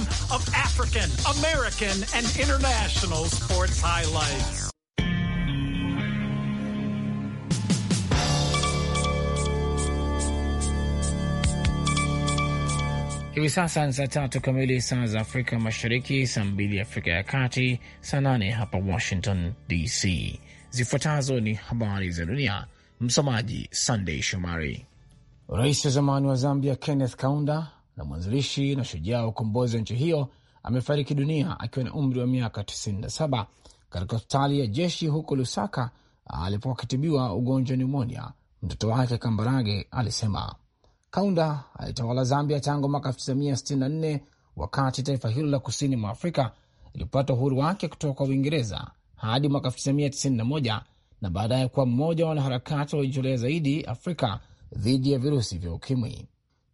program of African, American, and international sports highlights. Hivi sasa ni saa tatu kamili saa za Afrika Mashariki, saa mbili Afrika ya Kati, saa nane hapa Washington DC. Zifuatazo ni habari za dunia, msomaji Sandey Shomari. Rais wa zamani wa Zambia Kenneth Kaunda na mwanzilishi na shujaa wa ukombozi wa nchi hiyo, amefariki dunia akiwa na umri wa miaka 97 katika hospitali ya jeshi huko Lusaka alipokatibiwa ugonjwa pneumonia. Mtoto wake Kambarage alisema Kaunda alitawala Zambia tangu mwaka 1964 wakati taifa hilo la kusini mwa Afrika ilipata uhuru wake kutoka kwa Uingereza hadi mwaka 1991 na baadaye kuwa mmoja wa wanaharakati waliojitolea zaidi Afrika dhidi ya virusi vya ukimwi.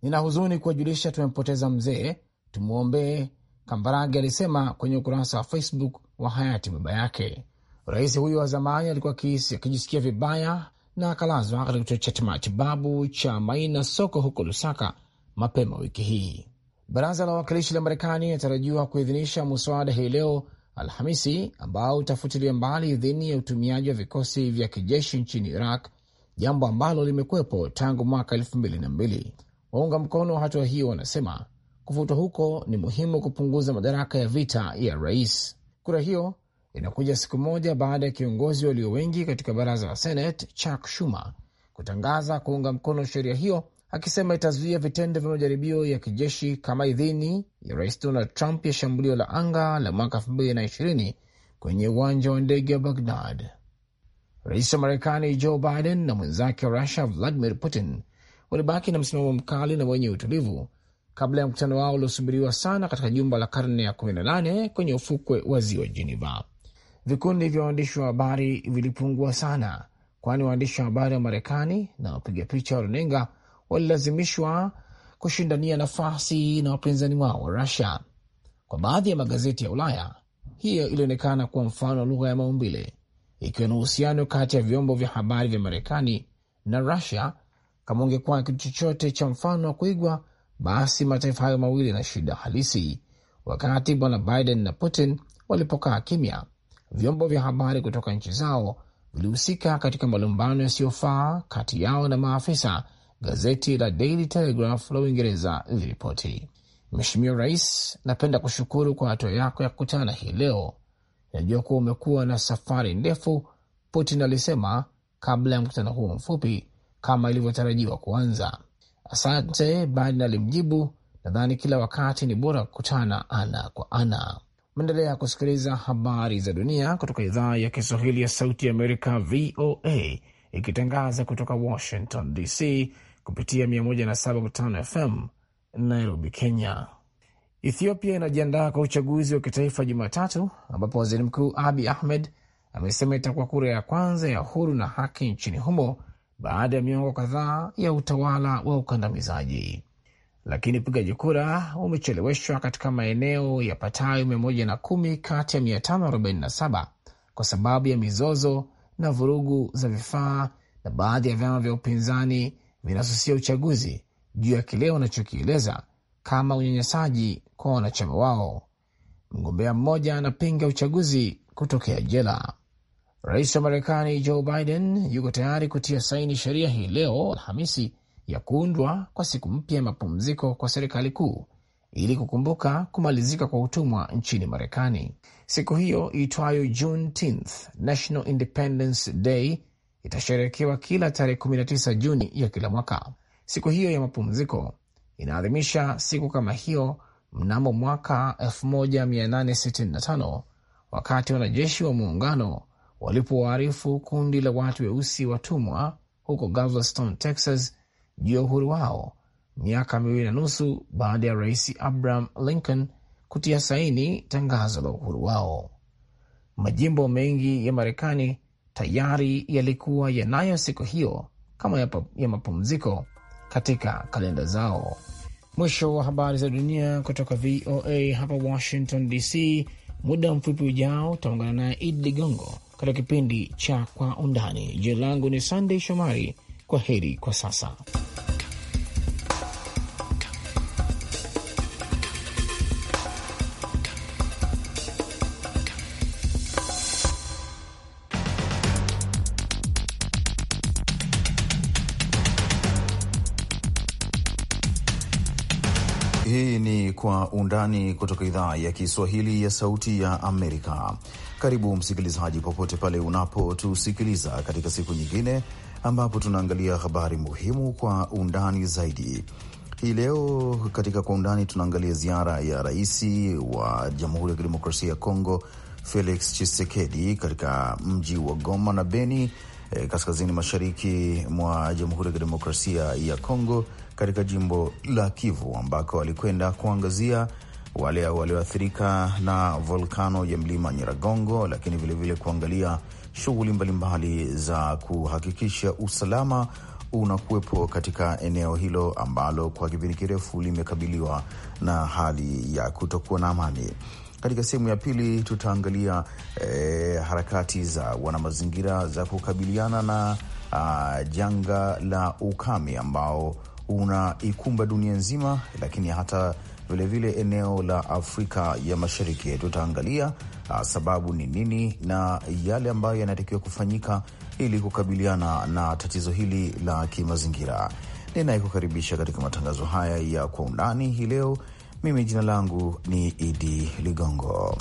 Nina huzuni kuwajulisha tumempoteza mzee, tumwombee, Kambarage alisema kwenye ukurasa wa Facebook wa hayati baba yake. Rais huyo wa zamani alikuwa akijisikia vibaya na akalazwa katika kituo cha matibabu cha Maina Soko huko Lusaka mapema wiki hii. Baraza la Wawakilishi la Marekani inatarajiwa kuidhinisha muswada hii leo Alhamisi ambao utafutilia mbali idhini ya utumiaji wa vikosi vya kijeshi nchini Iraq, jambo ambalo limekwepo tangu mwaka elfu mbili na mbili. Waunga mkono hatua hiyo wanasema kufutwa huko ni muhimu kupunguza madaraka ya vita ya rais. Kura hiyo inakuja siku moja baada ya kiongozi walio wengi katika baraza la Senate Chuck Schumer kutangaza kuunga mkono sheria hiyo, akisema itazuia vitendo vya majaribio ya kijeshi kama idhini ya rais Donald Trump ya shambulio la anga la mwaka 2020 kwenye uwanja wa ndege wa Baghdad. Rais wa Marekani Joe Biden na mwenzake wa Russia Vladimir Putin walibaki na msimamo mkali na wenye utulivu kabla ya mkutano wao uliosubiriwa sana katika jumba la karne ya 18 kwenye ufukwe wa ziwa Geneva. Vikundi vya waandishi wa habari vilipungua sana, kwani waandishi wa habari wa Marekani na wapiga picha wa runinga walilazimishwa kushindania nafasi na wapinzani wao wa Rusia. Kwa baadhi ya magazeti ya Ulaya, hiyo ilionekana kuwa mfano wa lugha ya maumbile, ikiwa na uhusiano kati ya vyombo vya habari vya Marekani na Rusia kama ungekuwa na kitu chochote cha mfano wa kuigwa, basi mataifa hayo mawili yana shida halisi. Wakati bwana Biden na Putin walipokaa kimya, vyombo vya habari kutoka nchi zao vilihusika katika malumbano yasiyofaa kati yao na maafisa, gazeti la Daily Telegraph la Uingereza liliripoti. Mheshimiwa Rais, napenda kushukuru kwa hatua yako ya kukutana hii leo. Najua kuwa umekuwa na safari ndefu, Putin alisema kabla ya mkutano huo mfupi kama ilivyotarajiwa kuanza. Asante, Biden alimjibu. Nadhani kila wakati ni bora kukutana ana kwa ana. Mnaendelea kusikiliza habari za dunia kutoka idhaa ya Kiswahili ya Sauti ya Amerika, VOA, ikitangaza kutoka Washington DC kupitia 107.5 FM Nairobi, Kenya. Ethiopia inajiandaa kwa uchaguzi wa kitaifa Jumatatu, ambapo waziri mkuu Abi Ahmed amesema itakuwa kura ya kwanza ya huru na haki nchini humo baada ya miongo kadhaa ya utawala wa ukandamizaji. Lakini upigaji kura umecheleweshwa katika maeneo yapatayo 110 kati ya 547 kwa sababu ya mizozo na vurugu za vifaa, na baadhi ya vyama vya upinzani vinasusia uchaguzi juu ya kile wanachokieleza kama unyanyasaji kwa wanachama wao. Mgombea mmoja anapinga uchaguzi kutokea jela. Rais wa Marekani Joe Biden yuko tayari kutia saini sheria hii leo Alhamisi ya kuundwa kwa siku mpya ya mapumziko kwa serikali kuu ili kukumbuka kumalizika kwa utumwa nchini Marekani. Siku hiyo iitwayo Juneteenth, National Independence Day, itasherekewa kila tarehe 19 Juni ya kila mwaka. Siku hiyo ya mapumziko inaadhimisha siku kama hiyo mnamo mwaka 1865 wakati wanajeshi wa muungano walipowaarifu kundi la watu weusi watumwa huko Galveston, Texas, juu ya uhuru wao miaka miwili na nusu baada ya Rais Abraham Lincoln kutia saini tangazo la uhuru wao. Majimbo mengi ya Marekani tayari yalikuwa yanayo siku hiyo kama ya, ya mapumziko katika kalenda zao. Mwisho wa habari za dunia kutoka VOA hapa Washington DC. Muda mfupi ujao utaungana naye Idi Ligongo katika kipindi cha Kwa Undani. Jina langu ni Sandey Shomari. Kwa heri kwa sasa. Kwa Undani kutoka idhaa ya Kiswahili ya Sauti ya Amerika. Karibu msikilizaji, popote pale unapotusikiliza katika siku nyingine ambapo tunaangalia habari muhimu kwa undani zaidi. Hii leo katika Kwa Undani tunaangalia ziara ya rais wa Jamhuri ya Kidemokrasia ya Kongo Felix Tshisekedi katika mji wa Goma na Beni Eh, kaskazini mashariki mwa Jamhuri ya Kidemokrasia ya Kongo katika jimbo la Kivu ambako alikwenda kuangazia wale walioathirika na volkano ya mlima Nyiragongo, lakini vilevile vile kuangalia shughuli mbalimbali za kuhakikisha usalama unakuwepo katika eneo hilo ambalo kwa kipindi kirefu limekabiliwa na hali ya kutokuwa na amani. Katika sehemu ya pili tutaangalia eh, harakati za wanamazingira za kukabiliana na uh, janga la ukame ambao unaikumba dunia nzima, lakini hata vilevile vile eneo la Afrika ya Mashariki. Tutaangalia uh, sababu ni nini na yale ambayo yanatakiwa kufanyika ili kukabiliana na tatizo hili la kimazingira. Ninayekukaribisha katika matangazo haya ya kwa undani hii leo mimi jina langu ni Idi Ligongo.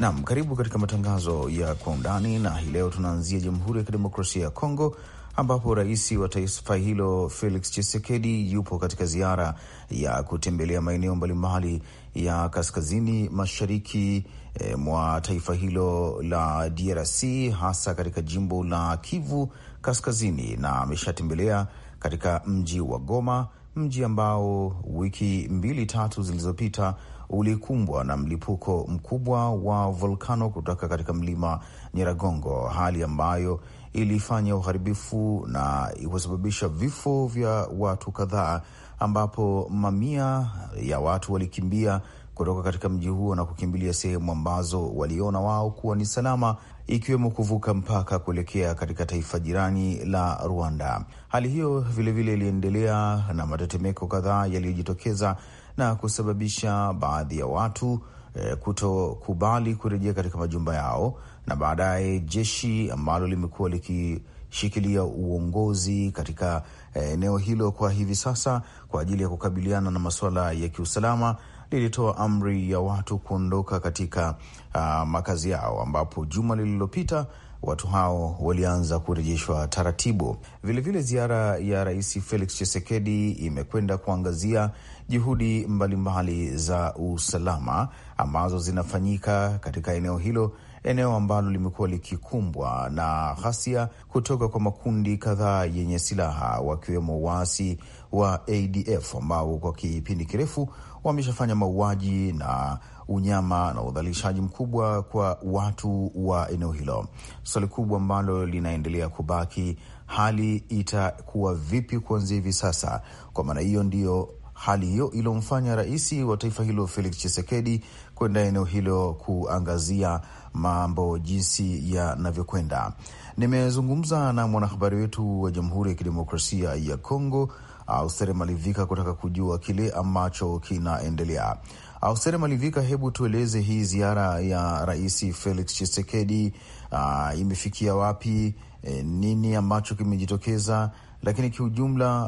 Nam, karibu katika matangazo ya kwa undani, na hii leo tunaanzia Jamhuri ya Kidemokrasia ya Kongo ambapo rais wa taifa hilo Felix Tshisekedi yupo katika ziara ya kutembelea maeneo mbalimbali ya kaskazini mashariki e, mwa taifa hilo la DRC hasa katika jimbo la Kivu Kaskazini, na ameshatembelea katika mji wa Goma, mji ambao wiki mbili tatu zilizopita ulikumbwa na mlipuko mkubwa wa volkano kutoka katika mlima Nyiragongo, hali ambayo ilifanya uharibifu na ikasababisha vifo vya watu kadhaa, ambapo mamia ya watu walikimbia kutoka katika mji huo na kukimbilia sehemu ambazo waliona wao kuwa ni salama, ikiwemo kuvuka mpaka kuelekea katika taifa jirani la Rwanda. Hali hiyo vilevile iliendelea na matetemeko kadhaa yaliyojitokeza na kusababisha baadhi ya watu eh, kutokubali kurejea katika majumba yao na baadaye jeshi ambalo limekuwa likishikilia uongozi katika eh, eneo hilo kwa hivi sasa kwa ajili ya kukabiliana na masuala ya kiusalama lilitoa amri ya watu kuondoka katika uh, makazi yao, ambapo juma lililopita watu hao walianza kurejeshwa taratibu. Vilevile ziara ya Rais Felix Tshisekedi imekwenda kuangazia juhudi mbalimbali za usalama ambazo zinafanyika katika eneo hilo eneo ambalo limekuwa likikumbwa na ghasia kutoka kwa makundi kadhaa yenye silaha wakiwemo waasi wa ADF ambao kwa kipindi kirefu wameshafanya mauaji na unyama na udhalilishaji mkubwa kwa watu wa eneo hilo. Swali kubwa ambalo linaendelea kubaki, hali itakuwa vipi kuanzia hivi sasa? Kwa maana hiyo ndiyo hali hiyo iliyomfanya rais wa taifa hilo Felix Tshisekedi kwenda eneo hilo kuangazia mambo jinsi yanavyokwenda. Nimezungumza na mwanahabari wetu wa Jamhuri ya Kidemokrasia ya Kongo, Austere Malivika, kutaka kujua kile ambacho kinaendelea. Austere Malivika, hebu tueleze hii ziara ya Rais Felix Tshisekedi uh, imefikia wapi? E, nini ambacho kimejitokeza lakini kiujumla,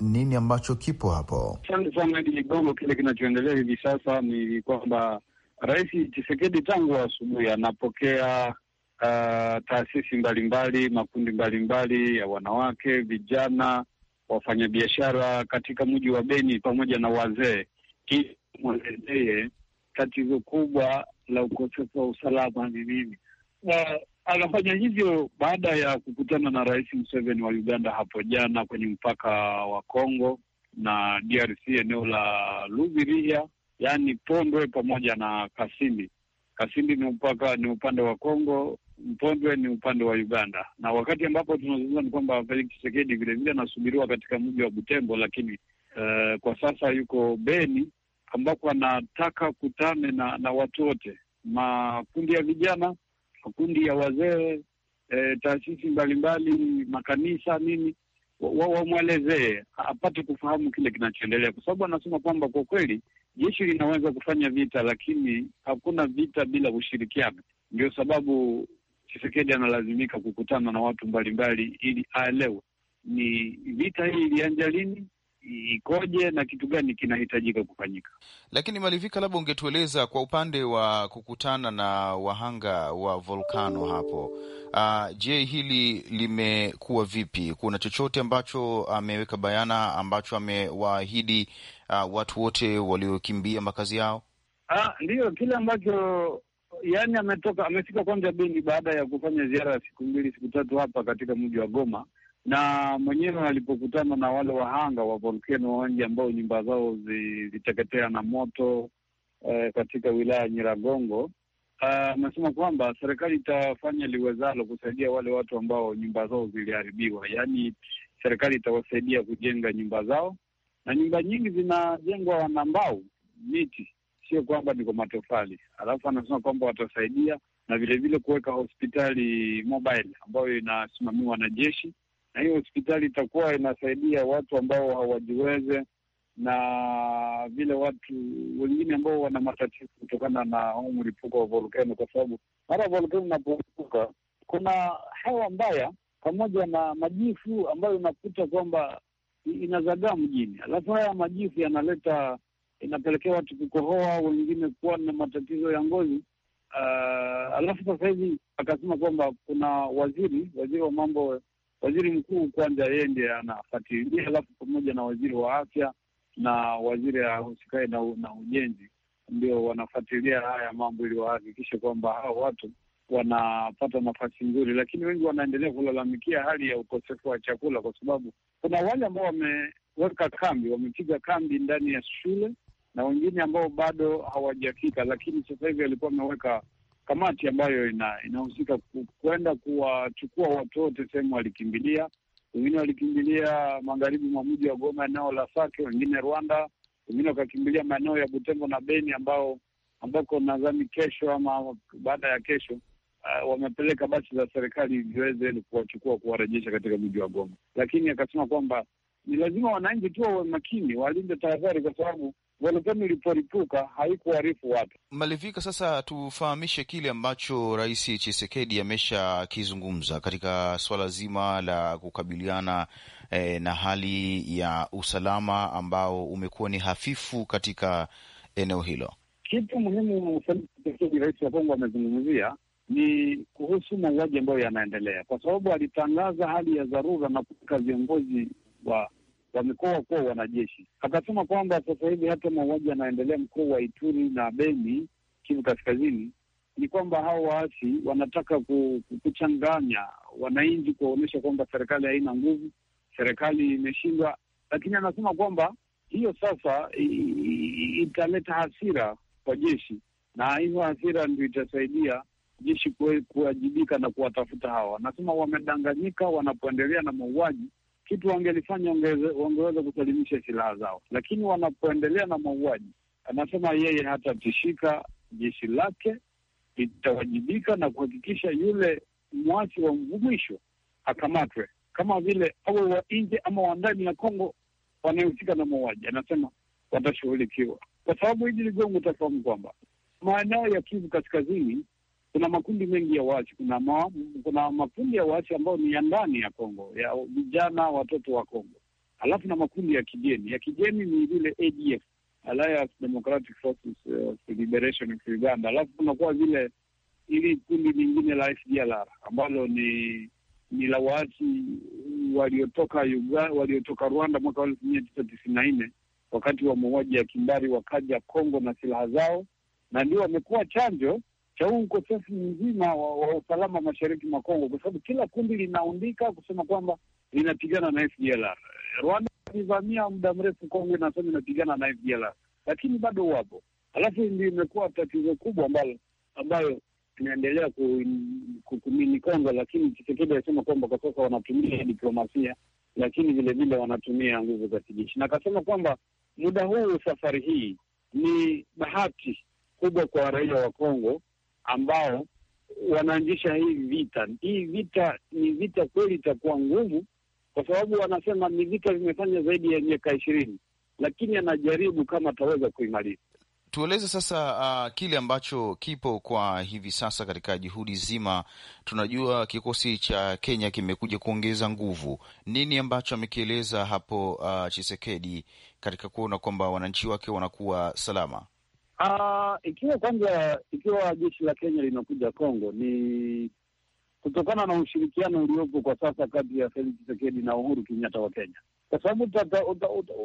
uh, nini ambacho kipo hapo? Asante sana Idi Ligongo. Kile kinachoendelea hivi sasa ni kwamba Rais chisekedi tangu asubuhi anapokea uh, taasisi mbalimbali, makundi mbalimbali ya wanawake, vijana, wafanyabiashara katika mji wa Beni pamoja na wazee, ili mwelezee tatizo kubwa la ukosefu wa usalama ni nini. Anafanya hivyo baada ya kukutana na Rais Museveni wa Uganda hapo jana kwenye mpaka wa Kongo na DRC eneo la luviria yaani Pondwe pamoja na Kasindi. Kasindi ni mpaka ni upande wa Kongo, Mpondwe ni upande wa Uganda. Na wakati ambapo tunazungumza ni kwamba Felix Tshisekedi vilevile anasubiriwa katika mji wa Butembo, lakini uh, kwa sasa yuko Beni ambako anataka kutane na, na watu wote, makundi ya vijana, makundi ya wazee, e, taasisi mbalimbali, makanisa nini, wamwelezee wa apate kufahamu kile kinachoendelea, kwa sababu anasema kwamba kwa kweli jeshi linaweza kufanya vita, lakini hakuna vita bila ushirikiano. Ndio sababu Chisekedi analazimika kukutana na watu mbalimbali ili aelewe ni vita hii ilianja lini, ikoje na kitu gani kinahitajika kufanyika. Lakini Malivika, labda ungetueleza kwa upande wa kukutana na wahanga wa volkano hapo, uh, je, hili limekuwa vipi? Kuna chochote ambacho ameweka bayana ambacho amewaahidi uh, watu wote waliokimbia makazi yao? Ah, ndiyo kile ambacho yani ametoka amefika kwanza Beni baada ya kufanya ziara ya siku mbili siku tatu hapa katika mji wa Goma, na mwenyewe alipokutana na wale wahanga wa volkeno wengi ambao nyumba zao ziliteketea na moto eh, katika wilaya ya Nyiragongo ah, amesema uh, kwamba serikali itafanya liwezalo kusaidia wale watu ambao nyumba zao ziliharibiwa, yaani serikali itawasaidia kujenga nyumba zao na nyumba nyingi zinajengwa na mbao, miti, sio kwamba ni kwa matofali. Alafu anasema kwamba watasaidia na vilevile kuweka hospitali mobile ambayo inasimamiwa na jeshi, na hiyo hospitali itakuwa inasaidia watu ambao hawajiweze na vile watu wengine ambao wana matatizo kutokana na huu mlipuko wa volkano, kwa sababu mara volkano inapolipuka kuna hewa mbaya pamoja na majifu ambayo unakuta kwamba inazagaa mjini, alafu haya majifu yanaleta inapelekea watu kukohoa, wengine kuwa na matatizo ya ngozi. Uh, alafu sasa hivi akasema kwamba kuna waziri waziri wa mambo waziri mkuu kwanza, yeye ndiye anafatilia alafu pamoja na waziri wa afya na waziri ahusikae na, na ujenzi, ndio wanafuatilia haya mambo ili wahakikishe kwamba hao watu wanapata nafasi nzuri, lakini wengi wanaendelea kulalamikia hali ya ukosefu wa chakula, kwa sababu kuna wale ambao wameweka kambi, wamepiga kambi ndani ya shule na wengine ambao bado hawajafika, lakini sasa hivi alikuwa ameweka kamati ambayo ina, inahusika kwenda kuwachukua watu wote sehemu walikimbilia. Wengine walikimbilia magharibi mwa mji wa Goma, eneo la Sake, wengine Rwanda, wengine wakakimbilia maeneo ya Butembo na Beni ambao ambako nadhani kesho ama baada ya kesho uh, wamepeleka basi za serikali ziweze kuwachukua kuwarejesha katika mji wa Goma, lakini akasema kwamba ni lazima wananchi tu wawe makini, walinde tahadhari, kwa sababu volkano iliporipuka haikuharifu watu. Malivika, sasa tufahamishe kile ambacho Rais Chisekedi amesha kizungumza katika swala zima la kukabiliana eh, na hali ya usalama ambao umekuwa ni hafifu katika eneo hilo. Kitu muhimu Rais wa Kongo amezungumzia ni kuhusu mauaji ambayo yanaendelea, kwa sababu alitangaza hali ya dharura na kuweka viongozi wa wa mikoa kuwa wanajeshi. Akasema kwamba sasa hivi hata mauaji yanaendelea mkoa wa Ituri na Beni, Kivu Kaskazini, ni kwamba hao waasi wanataka kuchanganya wananchi, kuwaonyesha kwamba serikali haina nguvu, serikali imeshindwa. Lakini anasema kwamba hiyo sasa italeta hasira kwa jeshi, na hiyo hasira ndio itasaidia jeshi kuwajibika na kuwatafuta hawa. Wanasema wamedanganyika wanapoendelea na mauaji kitu wangelifanya wangeweza kusalimisha silaha zao, lakini wanapoendelea na mauaji, anasema yeye hatatishika, jeshi lake litawajibika na kuhakikisha yule mwasi wa mvumisho akamatwe, kama vile awe wa nje ama wa ndani ya Kongo wanayehusika na mauaji. Anasema watashughulikiwa, kwa sababu hili ligongo utafahamu kwamba maeneo ya Kivu Kaskazini kuna makundi mengi ya waasi. Kuna, ma, kuna makundi ya waasi ambayo ni ya ndani ya Kongo, ya vijana watoto wa Kongo, alafu na makundi ya kigeni. Ya kigeni ni vile ADF, Alliance Democratic Forces eh, Liberation of Uganda, alafu kunakuwa vile ili kundi lingine la FDLR ambalo ni ni la waasi waliotoka Uga, waliotoka Rwanda mwaka wa elfu mia tisa tisini na nne wakati wa mauaji ya kimbari, wakaja Kongo na silaha zao, na ndio wamekuwa chanjo cha huu ukosefu mzima wa, wa usalama mashariki mwa Kongo, kwa sababu kila kundi linaundika kusema kwamba linapigana na FDLR. Rwanda ilivamia muda mrefu Kongo, inasema inapigana na FDLR, lakini bado wapo. Halafu ndio imekuwa tatizo kubwa ambayo ambayo inaendelea kukumini Kongo, lakini Tshisekedi asema kwamba kwa sasa wanatumia diplomasia, lakini vilevile wanatumia nguvu za kijeshi, na akasema kwamba muda huu, safari hii ni bahati kubwa kwa raia wa Kongo ambao wanaanzisha hii vita. Hii vita ni vita kweli, itakuwa ngumu, kwa sababu wanasema ni vita vimefanya zaidi ya miaka ishirini, lakini anajaribu kama ataweza kuimaliza. Tueleze sasa uh, kile ambacho kipo kwa hivi sasa katika juhudi zima. Tunajua kikosi cha Kenya kimekuja kuongeza nguvu. Nini ambacho amekieleza hapo uh, Chisekedi katika kuona kwamba wananchi wake wanakuwa salama? Uh, ikiwa kwanza, ikiwa jeshi la Kenya linakuja Kongo ni kutokana na ushirikiano uliopo kwa sasa kati ya Felix Tshisekedi na Uhuru Kenyatta wa Kenya, kwa sababu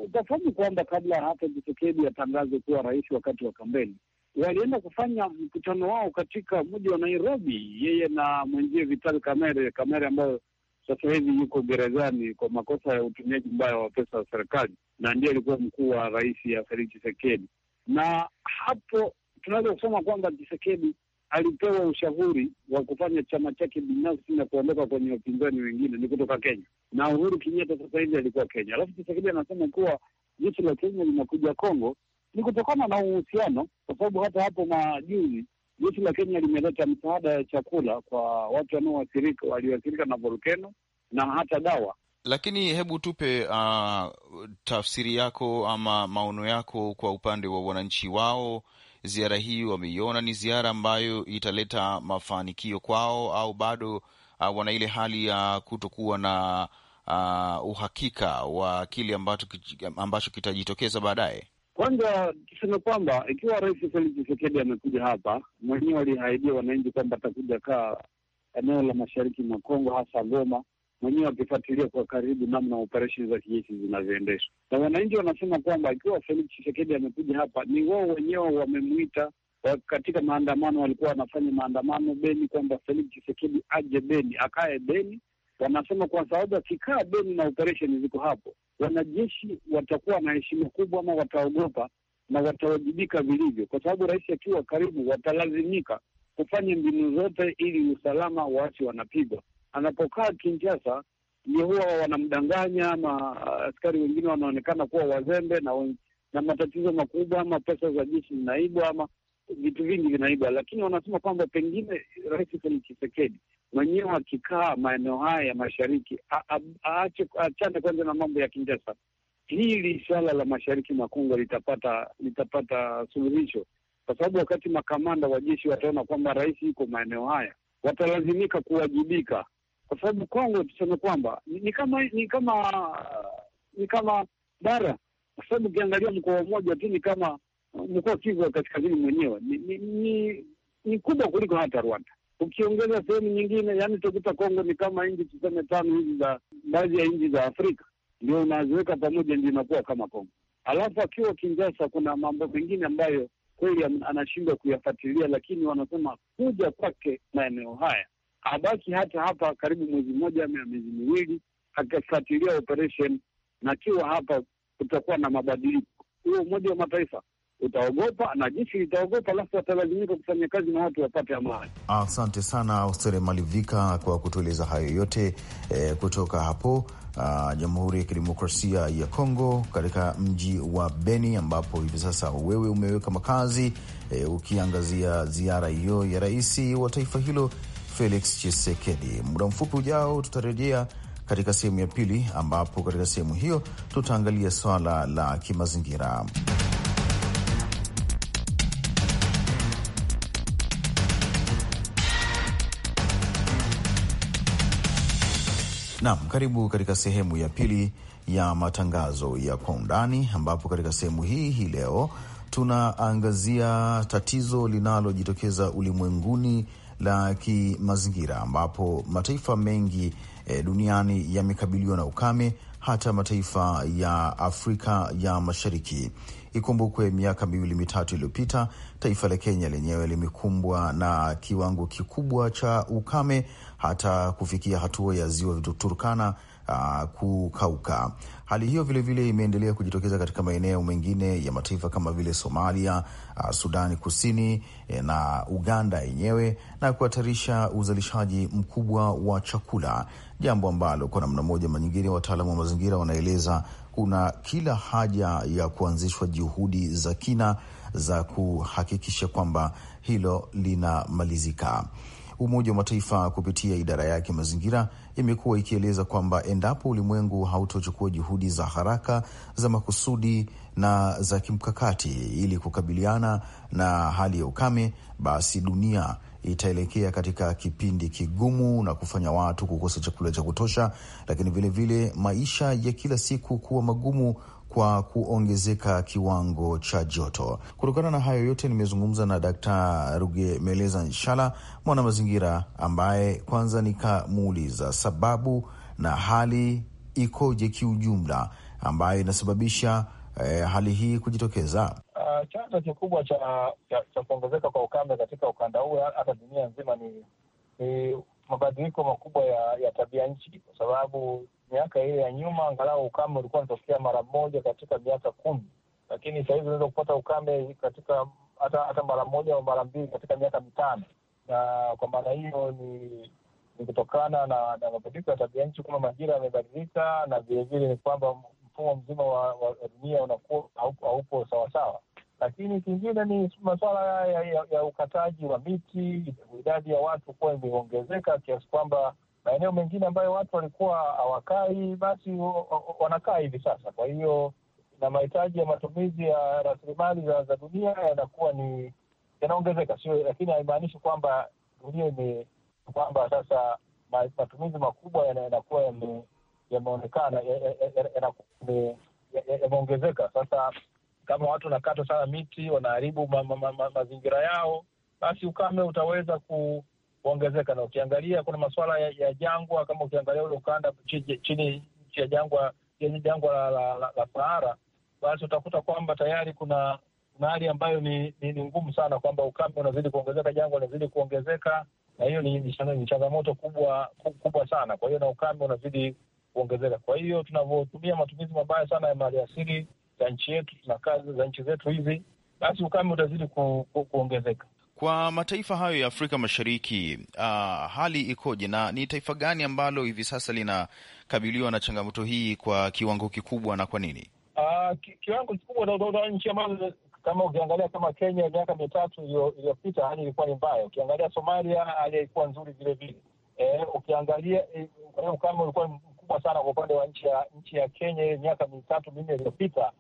utafahamu kwamba kabla hata Tshisekedi atangaze kuwa rais, wakati wa kampeni walienda kufanya mkutano wao katika mji wa Nairobi, yeye na mwenzie Vital Kamerhe, Kamerhe ambayo sasa hivi yuko gerezani kwa makosa ya utumiaji mbaya wa pesa za serikali, na ndiye alikuwa mkuu wa rais ya Felix Tshisekedi na hapo tunaweza kusema kwamba Tshisekedi alipewa ushauri wa kufanya chama chake binafsi na kuondoka kwenye wapinzani wengine, ni kutoka Kenya, na Uhuru Kenyatta sasa hivi alikuwa Kenya. Alafu Tshisekedi anasema kuwa jeshi la Kenya linakuja Kongo ni kutokana na uhusiano, kwa sababu hata hapo majuzi jeshi la Kenya limeleta msaada ya chakula kwa watu wanaoathirika walioathirika na volkeno na hata dawa lakini hebu tupe uh, tafsiri yako ama maono yako kwa upande wa wananchi wao. Ziara hii wameiona ni ziara ambayo italeta mafanikio kwao, au bado uh, wana ile hali ya uh, kutokuwa na uh, uhakika wa kile ambacho, ambacho kitajitokeza baadaye? Kwanza tuseme kwamba ikiwa Rais Felix Tshisekedi amekuja hapa mwenyewe, alihaidia wananchi kwamba atakuja kaa eneo la mashariki mwa Kongo, hasa Goma mwenyewe wakifuatilia kwa karibu namna operesheni za kijeshi zinavyoendeshwa. Na wananchi wanasema kwamba ikiwa Felix chisekedi amekuja hapa, ni wao wenyewe wamemwita katika maandamano, walikuwa wanafanya maandamano Beni kwamba Felix chisekedi aje Beni, akae Beni. Wanasema kwa sababu akikaa Beni na operesheni ziko hapo, wanajeshi watakuwa na heshima kubwa, ama wataogopa na watawajibika vilivyo, kwa sababu rais akiwa karibu watalazimika kufanya mbinu zote ili usalama waasi wanapigwa anapokaa Kinshasa ni huwa wanamdanganya ama uh, askari wengine wanaonekana kuwa wazembe na, na matatizo makubwa ama pesa za jeshi zinaibwa ama vitu vingi vinaibwa, lakini wanasema kwamba pengine Rais Felix Tshisekedi mwenyewe akikaa maeneo haya ya mashariki aachane kwanza na mambo ya Kinshasa, hili swala la mashariki mwa Kongo litapata litapata suluhisho, kwa sababu wakati makamanda wa jeshi wataona kwamba rais yuko maeneo haya, watalazimika kuwajibika kwa sababu Kongo tuseme kwamba ni kama ni kama ni kama bara, kwa sababu ukiangalia mkoa mmoja tu ni kama mkoa Kivu ya kaskazini mwenyewe ni, ni, ni, ni kubwa kuliko hata Rwanda. Ukiongeza sehemu nyingine, yaani utakuta Kongo ni kama nchi tuseme tano hizi za baadhi ya nchi za Afrika, ndio unaziweka pamoja, ndio inakuwa kama Kongo. Alafu akiwa Kinshasa kuna mambo mengine ambayo kweli anashindwa kuyafuatilia, lakini wanasema kuja kwake maeneo haya abaki hata hapa karibu mwezi mmoja ama miezi miwili akifuatilia operation, na kiwa hapa kutakuwa na mabadiliko, huo Umoja wa Mataifa utaogopa na jeshi litaogopa, alafu watalazimika kufanya kazi na watu wapate amani. Asante sana Austere Malivika kwa kutueleza hayo yote eh, kutoka hapo ah, Jamhuri uh, ya Kidemokrasia ya Kongo katika mji wa Beni ambapo hivi sasa wewe umeweka makazi e, ukiangazia ziara hiyo ya rais wa taifa hilo Felix Chisekedi. Muda mfupi ujao tutarejea katika sehemu ya pili, ambapo katika sehemu hiyo tutaangalia swala la kimazingira. Naam, karibu katika sehemu ya pili ya matangazo ya kwa undani, ambapo katika sehemu hii hii leo tunaangazia tatizo linalojitokeza ulimwenguni la kimazingira ambapo mataifa mengi e, duniani yamekabiliwa na ukame, hata mataifa ya Afrika ya Mashariki. Ikumbukwe miaka miwili mitatu iliyopita taifa la Kenya lenyewe limekumbwa na kiwango kikubwa cha ukame hata kufikia hatua ya ziwa Turkana uh, kukauka. Hali hiyo vilevile imeendelea kujitokeza katika maeneo mengine ya mataifa kama vile Somalia, uh, Sudani Kusini eh, na Uganda yenyewe na kuhatarisha uzalishaji mkubwa wa chakula, jambo ambalo kwa namna moja ama nyingine wataalamu wa mazingira wanaeleza kuna kila haja ya kuanzishwa juhudi za kina za kuhakikisha kwamba hilo linamalizika. Umoja wa Mataifa kupitia idara yake mazingira imekuwa ikieleza kwamba endapo ulimwengu hautochukua juhudi za haraka za makusudi na za kimkakati ili kukabiliana na hali ya ukame, basi dunia itaelekea katika kipindi kigumu na kufanya watu kukosa chakula cha kutosha, lakini vilevile vile maisha ya kila siku kuwa magumu kwa kuongezeka kiwango cha joto. Kutokana na hayo yote, nimezungumza na ruge Rugemeleza Nshala, mwanamazingira ambaye kwanza nikamuuliza sababu na hali ikoje kiujumla ambayo inasababisha eh, hali hii kujitokeza. Ah, chanzo kikubwa cha cha kuongezeka kwa ukame katika ukanda huu hata dunia nzima ni, ni mabadiliko makubwa ya, ya tabia nchi kwa sababu miaka ile ya nyuma angalau ukame ulikuwa unatokea mara moja katika miaka kumi, lakini sahizi unaweza kupata ukame katika hata hata mara moja au mara mbili katika miaka mitano, na kwa maana hiyo ni ni kutokana na na mabadiliko ya tabia nchi, kama majira yamebadilika, na vilevile ni kwamba mfumo mzima wa dunia unakuwa haupo sawasawa. Lakini kingine ni masuala ya, ya, ya ukataji wa miti, idadi ya watu kuwa imeongezeka kiasi kwamba maeneo mengine ambayo watu walikuwa hawakai, basi wanakaa hivi sasa. Kwa hiyo na mahitaji ya matumizi ya rasilimali za, za dunia yanakuwa ni yanaongezeka, sio, lakini haimaanishi kwamba dunia ime kwamba sasa matumizi makubwa yanakuwa yameonekana yameongezeka. Sasa kama watu wanakata sana miti wanaharibu mazingira yao, basi ukame utaweza ku kuongezeka, na ukiangalia kuna masuala ya, ya jangwa kama ukiangalia ule ukanda chini nchi ya jangwa yenye jangwa la, la, la, la Sahara, basi utakuta kwamba tayari kuna hali ambayo ni, ni, ni ngumu sana kwamba ukame unazidi kuongezeka, jangwa linazidi kuongezeka, na hiyo ni, ni changamoto kubwa kubwa sana. Kwa hiyo na ukame unazidi kuongezeka, kwa hiyo tunavyotumia matumizi mabaya sana ya mali asili za nchi yetu na kazi za nchi zetu hizi, basi ukame utazidi ku, ku, kuongezeka. Kwa mataifa hayo ya Afrika Mashariki, uh, hali ikoje na ni taifa gani ambalo hivi sasa linakabiliwa na changamoto hii kwa kiwango kikubwa na kwa nini? Uh, ki, kiwango kikubwa nchi ambazo kama ukiangalia kama Kenya miaka mitatu iliyopita hali ilikuwa ni mbaya. Ukiangalia Somalia hali haikuwa nzuri vile vile. Eh, ukiangalia eh, ukame ulikuwa mkubwa sana kwa upande wa nchi ya nchi ya Kenya miaka mitatu minne iliyopita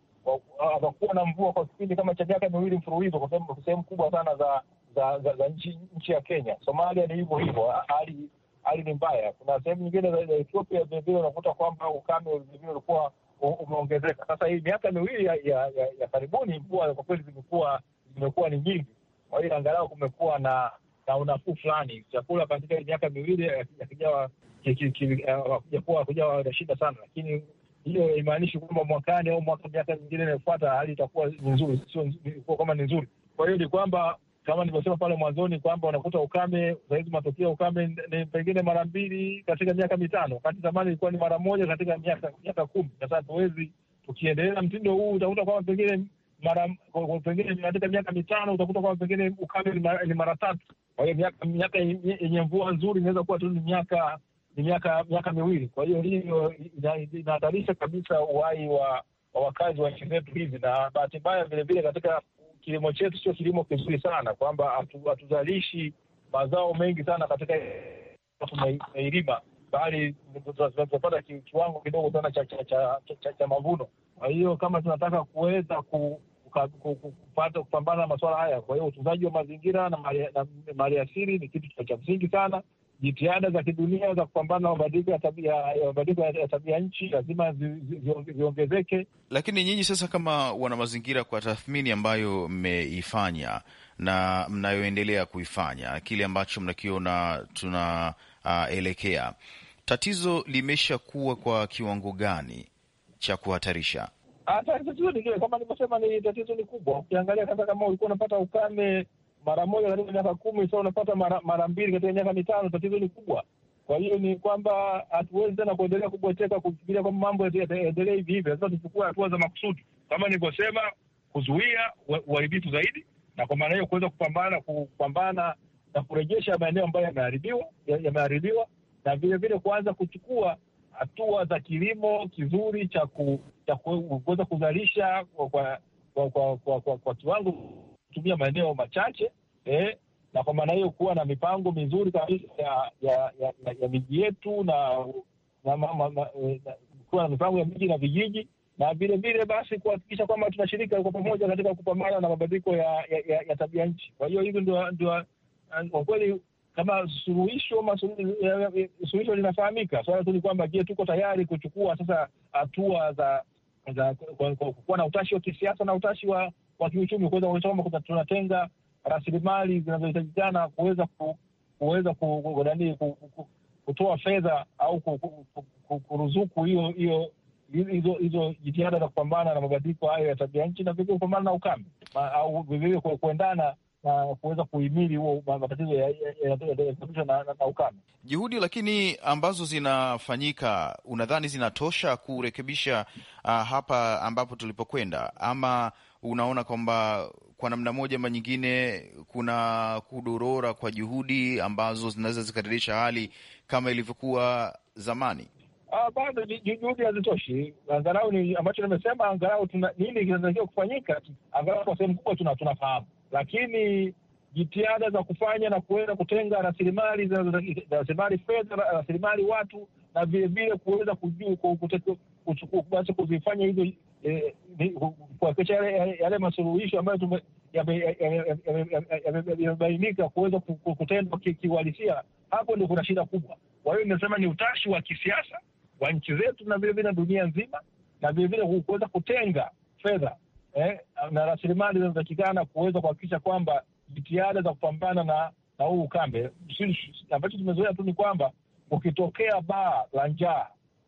hapakuwa na mvua kwa kipindi kama cha miaka miwili mfululizo kwa sehemu kubwa sana za za, za, za nchi, nchi ya Kenya. Somalia ni hivyo hivyo, hali hali ni mbaya. Kuna sehemu nyingine za Ethiopia vilevile unakuta kwamba ukame vilevile ulikuwa umeongezeka. Sasa hii miaka miwili ya, ya, ya, ya karibuni mvua kwa kweli zimekuwa zimekuwa ni nyingi, kwa hiyo angalau kumekuwa na na unafuu fulani. Chakula katika miaka miwili hakijawa na shida sana, lakini hiyo imaanishi kwamba mwakani au mwaka miaka mingine inayofuata hali itakuwa nzuri, sio kama ni nzuri. Kwa hiyo ni kwamba kama nilivyosema pale mwanzoni kwamba unakuta ukame sahizi, matokeo ya ukame ni pengine mara mbili katika miaka mitano, wakati zamani ilikuwa ni mara moja katika miaka miaka kumi. Sasa tuwezi tukiendelea mtindo huu, utakuta kwamba pengine mara pengine katika miaka mitano utakuta kwamba pengine ukame ni mara tatu. Kwa hiyo miaka yenye mvua nzuri inaweza kuwa tu ni miaka ni miaka miaka miwili. Kwa hiyo hiyo inahatarisha kabisa uhai wa, wa wakazi wa nchi zetu hizi, na bahati mbaya vilevile katika kilimo chetu sio kilimo kizuri sana, kwamba hatuzalishi mazao mengi sana katika tumeilima bali tunapata kiwango kidogo sana cha, cha, cha, cha, cha mavuno. Kwa hiyo kama tunataka kuweza ku, kupata kupambana na masuala haya, kwa hiyo utunzaji wa mazingira na asili ni kitu cha msingi sana jitihada za kidunia za kupambana na mabadiliko ya tabia ya tabia nchi lazima ziongezeke zi, zi, zi. Lakini nyinyi sasa, kama wana mazingira, kwa tathmini ambayo mmeifanya na mnayoendelea kuifanya, kile ambacho mnakiona tunaelekea, uh, tatizo limeshakuwa kwa kiwango gani cha kuhatarisha? Ah, tatizo ni kama nilivyosema, ni tatizo ni kubwa. Ukiangalia sasa, kama ulikuwa unapata ukame mara moja katika miaka kumi, sasa unapata mara, mara mbili katika miaka mitano. Tatizo ni kubwa. Kwa hiyo ni kwamba hatuwezi tena kuendelea kubweteka kufikiria kwamba mambo yataendelea hivi hivi. Lazima tuchukue hatua za makusudi, kama nilivyosema, kuzuia uharibifu zaidi, na kwa maana hiyo kuweza kupambana kupambana na kurejesha maeneo ambayo yameharibiwa yameharibiwa, na vilevile kuanza kuchukua hatua za kilimo kizuri cha kuweza kuzalisha kwa kwa kwa kwa kiwango kutumia maeneo machache eh, na kwa maana hiyo kuwa na mipango mizuri kabisa ya ya, ya, ya miji yetu na, na, na, na, eh, na kuwa na mipango ya miji na vijiji na vilevile basi kuhakikisha kwamba tunashirika kwa pamoja katika kupambana na mabadiliko ya, ya, ya, ya tabia nchi. Kwa hiyo hivi ndio eh, kwa kweli kama suluhisho suluhisho linafahamika. Swala tu ni kwamba je, tuko tayari kuchukua sasa hatua za za kuwa na utashi wa kisiasa na utashi wa kiuchumi kuweza kuonyesha kwamba tunatenga rasilimali zinazohitajikana kuweza kuweza kunanii kutoa fedha au kuruzuku hiyo hiyo hizo hizo jitihada za kupambana na mabadiliko hayo ya tabia nchi na vilevile kupambana na ukame au vilevile kuendana na kuweza kuhimili huo matatizo na, na ukame. Juhudi lakini ambazo zinafanyika, unadhani zinatosha kurekebisha uh, hapa ambapo tulipokwenda ama unaona kwamba kwa namna moja ama nyingine kuna kudorora kwa juhudi ambazo zinaweza zikadirisha hali kama ilivyokuwa zamani? Uh, bado juhudi hazitoshi. Angalau ni ambacho nimesema, angalau nini kinatakiwa kufanyika, angalau kwa sehemu kubwa tuna tunafahamu, lakini jitihada za kufanya na kuweza kutenga rasilimali rasilimali fedha, rasilimali watu na vilevile kuweza kuzifanya hizo eh, eh, eh, kuhakikisha yale masuluhisho ambayo yamebainika kuweza kutendwa kiuhalisia, hapo ndio kuna shida kubwa. Kwa hiyo inasema ni utashi wa kisiasa wa nchi zetu na vilevile na dunia nzima, na vilevile kuweza kutenga fedha eh, na rasilimali zinazotakikana kuweza kuhakikisha kwamba jitihada za kupambana na na huu ukambe, ambacho tumezoea tu ni kwamba ukitokea baa la njaa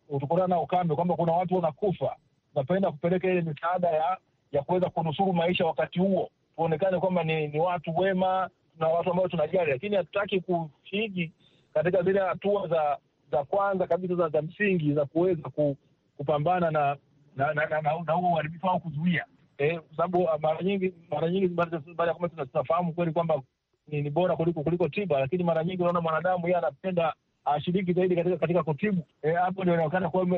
utakutana na ukame, kwamba kuna watu wanakufa, napenda kupeleka ile misaada ya ya kuweza kunusuru maisha wakati huo, tuonekane kwamba ni, ni watu wema na watu ambao tunajali, lakini hatutaki kushiriki katika zile hatua za za kwanza kabisa za, za msingi za kuweza ku, kupambana na na na, na, na, na huo uharibifu au kuzuia eh, kwa sababu ah, mara nyingi mara nyingi baada ya tunafahamu kweli kwamba ni, ni bora kuliko kuliko tiba, lakini mara nyingi unaona mwanadamu yeye anapenda ashiriki zaidi katika, katika kutibu e, hapo. ndio inaonekana kwamba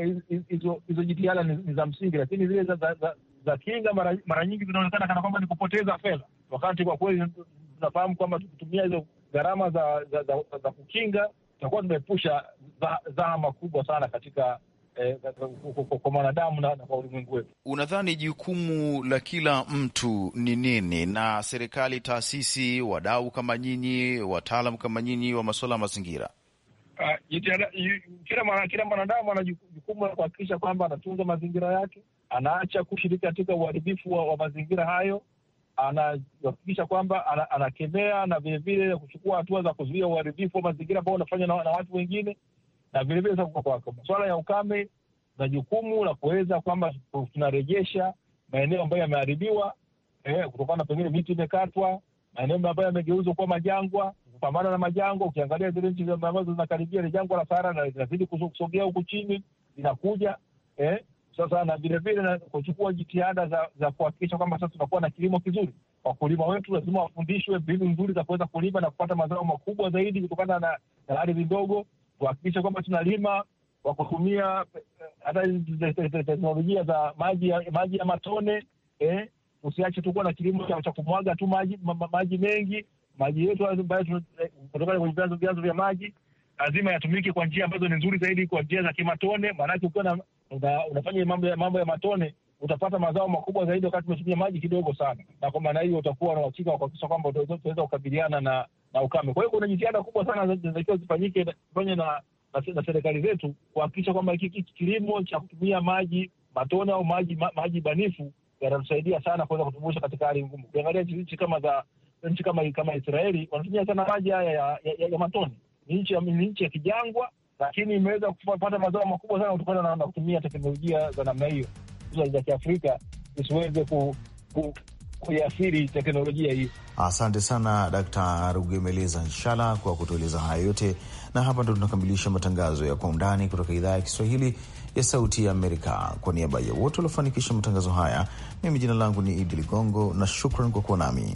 hizo jitihada ni za msingi, lakini zile za, za, za, za kinga mara, mara nyingi zinaonekana kana kwamba ni kupoteza fedha, wakati kwa kweli tunafahamu kwamba tukitumia hizo gharama za, za, za, za, za kukinga tutakuwa tumeepusha dhahama kubwa sana katika e, kwa mwanadamu na kwa ulimwengu wetu. Unadhani jukumu la kila mtu ni nini, na serikali, taasisi, wadau kama nyinyi, wataalam kama nyinyi wa masuala ya mazingira? Ah, kila mwanadamu ana jukumu la kuhakikisha kwamba anatunza mazingira yake, anaacha kushiriki katika uharibifu wa, wa mazingira hayo, anahakikisha kwamba anakemea na vilevile kuchukua hatua za kuzuia uharibifu wa mazingira ambao unafanywa na, na watu wengine na vilevile masuala ya ukame na jukumu la kuweza kwamba tunarejesha maeneo ambayo yameharibiwa, eh, kutokana na pengine miti imekatwa, maeneo ambayo yamegeuzwa kuwa majangwa kupambana na majango. Ukiangalia zile nchi ambazo zinakaribia ile jangwa la Sahara inazidi kusogea huku chini inakuja eh? Sasa na vilevile kuchukua jitihada za za kuhakikisha kwamba sasa tunakuwa na kilimo kizuri. Wakulima wetu lazima wafundishwe mbinu nzuri za kuweza kulima na kupata mazao makubwa zaidi kutokana na, na ardhi ndogo. Tuhakikishe kwamba tunalima kwa kutumia eh, hata teknolojia za maji ya, maji ya matone eh? Usiache tukuwa na kilimo cha kumwaga tu maji, ma, ma, maji mengi maji yetu ambayo eh, kutoka kwenye vyanzo vyanzo vya maji lazima yatumike kwa njia ambazo ni nzuri zaidi, kwa njia za kimatone. Maanake ukiwa una, unafanya mambo ya mambo ya matone utapata mazao makubwa zaidi wakati umetumia maji kidogo sana, na kwa maana hiyo utakuwa na uhakika wa kuhakikisha kwamba utaweza kukabiliana na na ukame. Kwa hiyo kuna jitihada kubwa sana zinatakiwa zifanyike fanye na na na serikali zetu kuhakikisha kwamba hiki kilimo cha kutumia maji matone au maji ma, maji banifu yanatusaidia sana kuweza kutumbusha katika hali ngumu. Ukiangalia nchi kama za nchi kama kama Israeli wanatumia sana maji haya ya, ya, ya, ya matoni. Ni nchi ya, ya kijangwa, lakini imeweza kupata mazao makubwa sana kutokana na, na kutumia teknolojia za namna hiyo za Kiafrika isiweze ku, ku, kuiathiri teknolojia hii. Asante sana Dr. Rugemeleza Nshala kwa kutueleza haya yote, na hapa ndo tunakamilisha matangazo ya Kwa Undani kutoka idhaa ya Kiswahili ya Sauti ya Amerika. Kwa niaba ya wote waliofanikisha matangazo haya, mimi jina langu ni Idi Ligongo na shukran kwa kuwa nami.